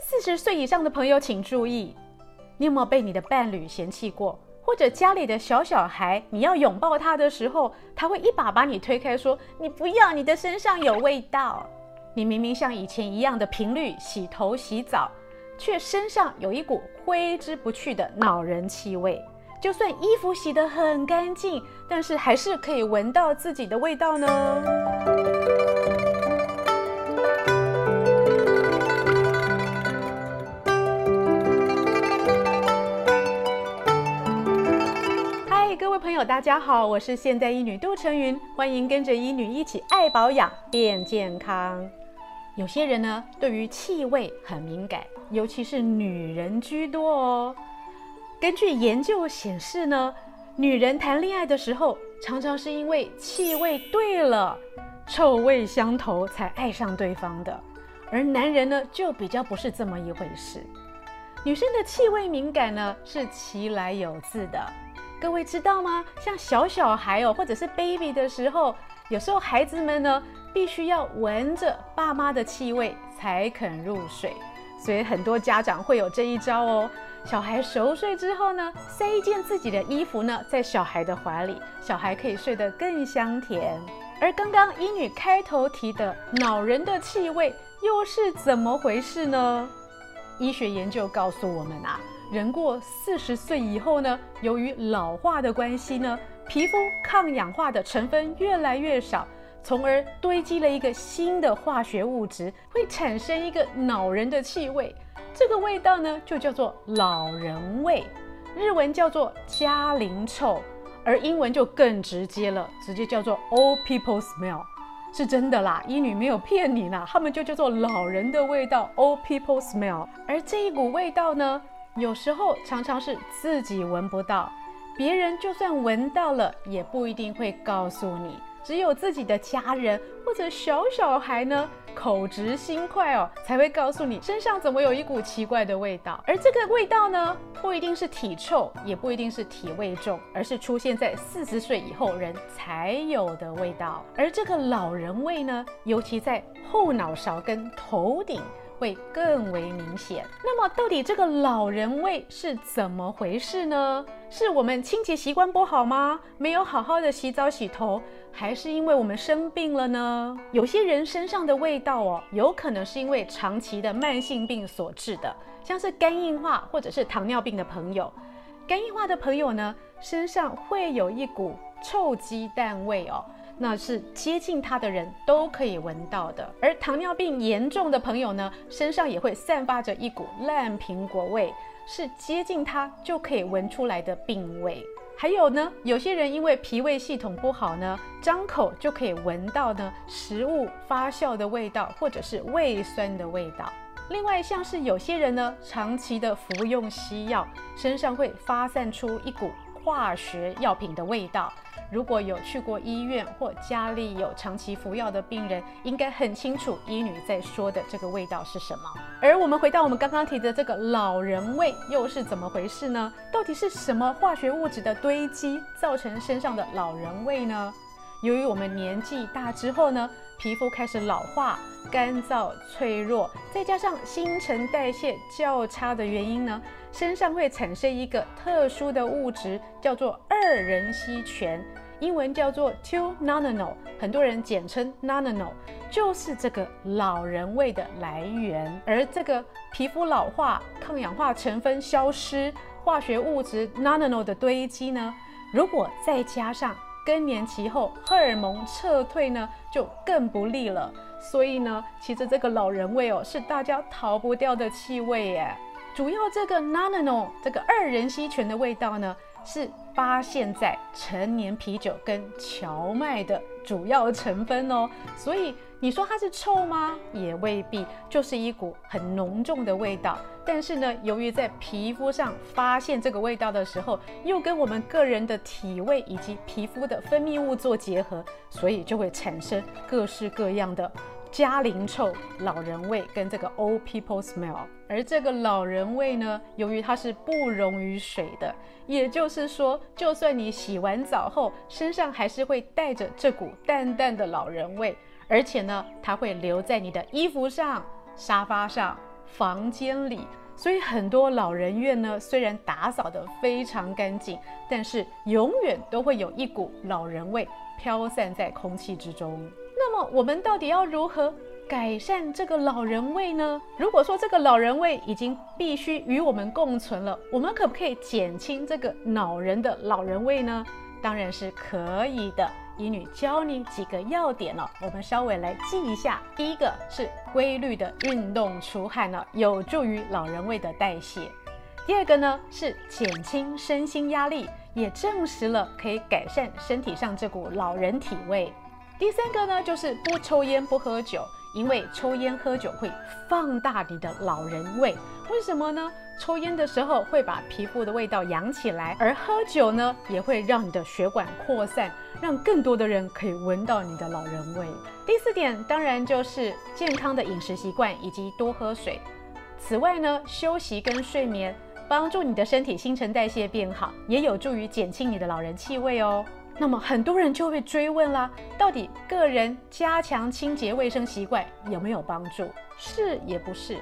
四十歲以上的朋友請注意，你有沒有被你的伴侶嫌棄過？或者家裡的小小孩，你要擁抱他的時候，他會一把把你推開，說：“你不要，你的身上有味道。”你明明像以前一樣的頻率洗頭洗澡，卻身上有一股揮之不去的惱人氣味。就算衣服洗得很乾淨，但是還是可以聞到自己的味道呢。各位朋友，大家好，我是現代醫女杜丞蕓，歡迎跟着醫女一起愛保養變健康。有些人呢，對於氣味很敏感，尤其是女人居多哦。根據研究顯示呢，女人談戀愛的時候，常常是因為氣味對了，臭味相投才愛上對方的，而男人呢，就比較不是這麼一回事。女生的氣味敏感呢，是其來有自的。各位知道嗎？像小小孩哦，或者是 baby 的時候，有時候孩子們呢，必須要聞着爸媽的氣味才肯入睡。所以很多家長會有這一招哦。小孩熟睡之後呢，塞一件自己的衣服呢，在小孩的懷裡，小孩可以睡得更香甜。而剛剛醫女開頭提的惱人的氣味又是怎麼回事呢？醫學研究告訴我們啊。人過四十歲以後呢，由於老化的關係呢，皮膚抗氧化的成分越來越少，從而堆積了一個新的化學物質，會產生一個惱人的氣味。這個味道呢，就叫做老人味，日文叫做加齡臭，而英文就更直接了，直接叫做 old people smell，是真的啦，醫女沒有騙你啦，他們就叫做老人的味道 old people smell，而這一股味道呢。有時候常常是自己聞不到，別人就算聞到了，也不一定會告訴你。只有自己的家人或者小小孩呢，口直心快哦，才會告訴你身上怎麼有一股奇怪的味道。而這個味道呢，不一定是體臭，也不一定是體味重，而是出現在四十歲以後人才有的味道。而這個老人味呢，尤其在後腦勺跟頭頂會更為明顯。那麼，到底這個老人味是怎麼回事呢？是我們清潔習慣不好嗎？沒有好好的洗澡洗頭，還是因為我們生病了呢？有些人身上的味道哦，有可能是因為長期的慢性病所致的，像是肝硬化或者是糖尿病的朋友。肝硬化的朋友呢，身上會有一股臭雞蛋味哦。那是接近他的人都可以聞到的，而糖尿病嚴重的朋友呢，身上也會散發着一股爛蘋果味，是接近他就可以聞出來的病味。還有呢，有些人因為脾胃系統不好呢，張口就可以聞到呢食物發酵的味道，或者是胃酸的味道。另外，像是有些人呢，長期的服用西藥，身上會發散出一股化學藥品的味道，如果有去過醫院或家裡有長期服藥的病人，應該很清楚醫女在說的這個味道是什麼。而我們回到我們剛剛提的這個老人味，又是怎麼回事呢？到底是什麼化學物質的堆積造成身上的老人味呢？由於我們年紀大之後呢，皮膚開始老化、乾燥、脆弱，再加上新陳代謝較差的原因呢，身上會產生一個特殊的物質，叫做二壬烯醛，英文叫做 two nonenal，很多人簡稱 nonenal，就是這個老人味的來源。而這個皮膚老化、抗氧化成分消失、化學物質 nonenal 的堆積呢，如果再加上，更年期後，荷爾蒙撤退呢，就更不利了。所以呢，其實這個老人味哦，是大家逃不掉的氣味耶。主要這個 nanano 這個二壬烯醛的味道呢，是發現在陳年啤酒跟蕎麥的主要成分哦。所以。你說它是臭嗎？也未必，就是一股很濃重的味道。但是呢，由於在皮膚上發現這個味道的時候，又跟我們個人的體味以及皮膚的分泌物做結合，所以就會產生各式各樣的加齡臭、老人味跟這個 old people smell。而這個老人味呢，由於它是不溶於水的，也就是說，就算你洗完澡後，身上還是會帶着這股淡淡的老人味。而且呢，它會留在你的衣服上、沙發上、房間裡，所以很多老人院呢，雖然打掃得非常乾淨，但是永遠都會有一股老人味飄散在空氣之中。那麼，我們到底要如何改善這個老人味呢？如果說這個老人味已經必須與我們共存了，我們可不可以減輕這個惱人的老人味呢？當然是可以的。醫女教你幾個要點了、哦，我們稍微來記一下。第一個是規律的運動出汗了、哦，有助於老人味的代謝；第二個呢是減輕身心壓力，也證實了可以改善身體上這股老人體味；第三個呢就是不抽菸不喝酒。因為抽煙喝酒會放大你的老人味，為什麼呢？抽煙的時候會把皮膚的味道揚起來，而喝酒呢也會讓你的血管擴散，讓更多的人可以聞到你的老人味。第四點當然就是健康的飲食習慣以及多喝水。此外呢，休息跟睡眠幫助你的身體新陳代謝變好，也有助於減輕你的老人氣味哦。那麼很多人就會追問啦，到底個人加強清潔衛生習慣有沒有幫助？是也不是。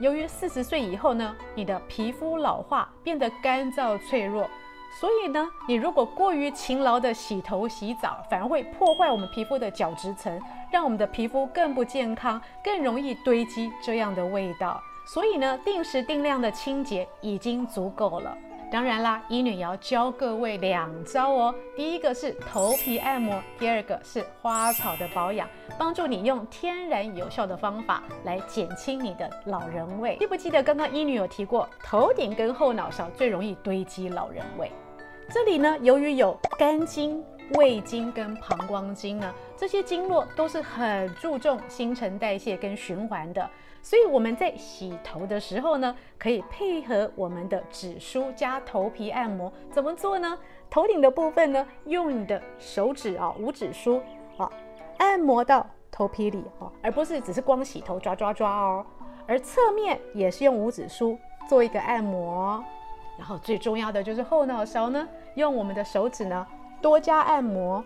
由於四十歲以後呢，你的皮膚老化，變得乾燥脆弱，所以呢，你如果過於勤勞的洗頭洗澡，反而會破壞我們皮膚的角質層，讓我們的皮膚更不健康，更容易堆積這樣的味道。所以呢，定時定量的清潔已經足夠了。當然啦，醫女也要教各位兩招哦。第一個是頭皮按摩，第二個是花草的保養，幫助你用天然有效的方法來減輕你的老人味。記不記得剛剛醫女有提過，頭頂跟後腦勺最容易堆積老人味？這裡呢，由於有肝經、胃經跟膀胱經呢，這些經絡都是很注重新陳代謝跟循環的。所以我們在洗頭的時候呢，可以配合我們的指梳加頭皮按摩。怎麼做呢？頭頂的部分呢，用你的手指啊，五指梳啊，按摩到頭皮裡啊，而不是只是光洗頭抓抓抓哦。而側面也是用五指梳做一個按摩，然後最重要的就是後腦勺呢，用我們的手指呢多加按摩。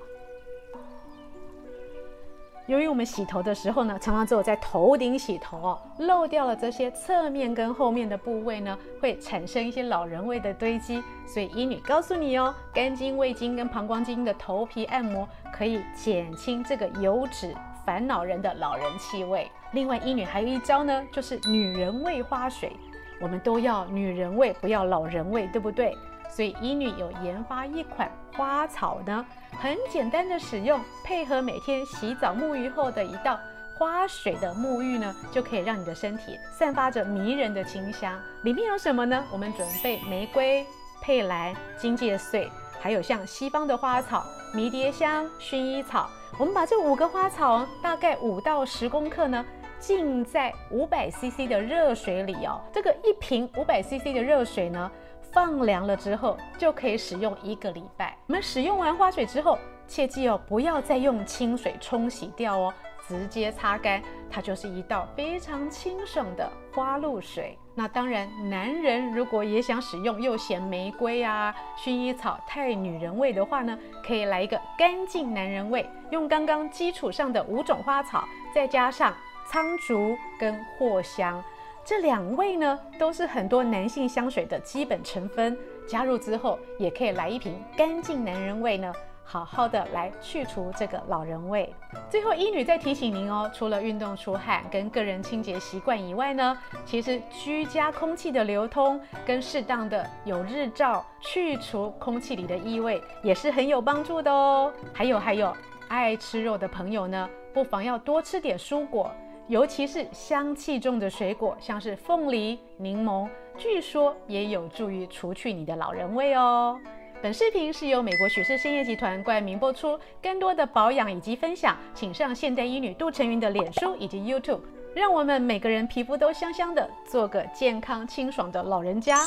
由於我們洗頭的時候呢，常常只有在頭頂洗頭哦，漏掉了這些側面跟後面的部位呢，會產生一些老人味的堆積。所以醫女告訴你哦，肝經、胃經跟膀胱經的頭皮按摩，可以減輕這個油脂煩惱人的老人氣味。另外，醫女還有一招呢，就是女人味花水。我們都要女人味，不要老人味，對不對？所以醫女有研發一款花草呢，很簡單的使用，配合每天洗澡沐浴後的一道花水的沐浴呢，就可以讓你的身體散發着迷人的清香。裡面有什麼呢？我們準備玫瑰、佩蘭、荊芥穗，還有像西方的花草迷迭香、薰衣草。我們把這五個花草，大概五到十公克呢，浸在五百 CC 的熱水裡哦，喔。這個一瓶五百 CC 的熱水呢。放涼了之後就可以使用一個禮拜。我們使用完花水之後，切記哦，不要再用清水沖洗掉哦，直接擦乾，它就是一道非常清爽的花露水。那當然，男人如果也想使用，又嫌玫瑰啊、薰衣草太女人味的話呢，可以來一個乾淨男人味，用剛剛基礎上的五種花草，再加上蒼朮跟藿香。這兩味呢，都是很多男性香水的基本成分，加入之後，也可以來一瓶乾淨男人味呢，好好的來去除這個老人味。最後，醫女再提醒您哦，除了運動出汗跟個人清潔習慣以外呢，其實居家空氣的流通跟適當的有日照，去除空氣裡的異味，也是很有幫助的哦。還有還有，愛吃肉的朋友呢，不妨要多吃點蔬果。尤其是香氣重的水果，像是鳳梨、檸檬，據說也有助於除去你的老人味哦。本視頻是由美國許氏參業集團冠名播出，更多的保養以及分享，請上現代醫女杜成云的臉書以及 YouTube。讓我們每個人皮膚都香香的，做個健康清爽的老人家。